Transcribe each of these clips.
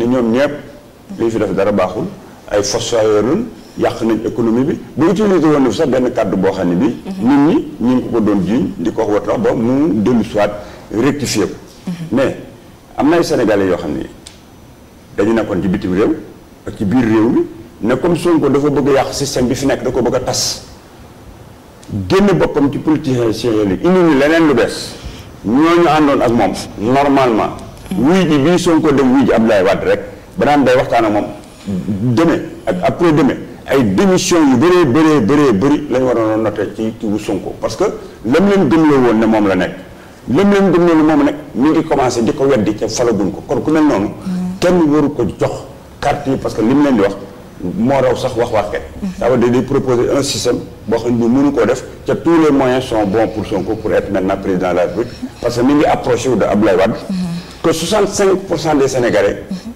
ni ñoom ñëpp li fi def dara baaxul ay fossoyeur yàq nañ économie bi bu utilisé woon na sax benn kàddu boo xam ne bi nit ñi ñu ngi ko doon jiiñ di ko wax ba mu dellu soit rectifié mais am na ay sénégalais yoo xam ne dañu nekkoon ci bitim réew ak ci biir réew mi ne comme Sonko dafa bëgg yàq système bi fi nekk da ko bëgg a tas génn bokkam ci politicien yi indi ñu leneen lu bees ñu àndoon ak moom normalement wuy ji bii Sonko dem wuy ji Abdoulaye Wade rek ba naan day waxtaan moom demain ak après deme ay démission yu bëree bëree bëree bëri la ñu waroon a noté ci ci wu Sonko parce que lam leen gëmloo woon ne moom la nekk lam leen gëmloo ne moom la nekk mi ngi commencé di ko weddi te falaguñ ko kon ku mel noonu kenn waru ko jox carte yi parce que li leen di wax moo raw sax wax waxkat ça veut dire di proposer un système boo xam ne mënu koo def te tous les moyens sont bons pour Sonko la parce que mi ngi approché wu de que 65 pour cent des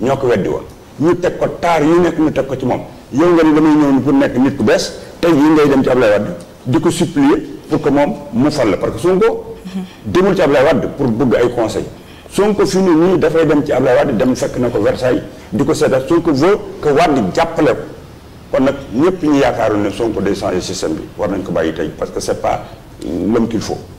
ñoo ko weddi woon. ñu teg ko taar yu nekk ñu teg ko ci moom yow nga ni damay ñëw pour nekk nit ku bees tey jii ngay dem ci Ablaye Wade di ko supplier pour que moom mu fal la parce que Sonko demul ci Ablaye Wade pour bëgg ay conseil Sonko fi mu ne nii dafay dem ci Ablaye Wade dem fekk na ko Versailles di ko sedda Sonko veut que Wade jàppale ko kon nag ñëpp ñu yaakaaroon ne Sonko day changer système bi war nañ ko bàyyi tey parce que c'est pas l'homme qu'il faut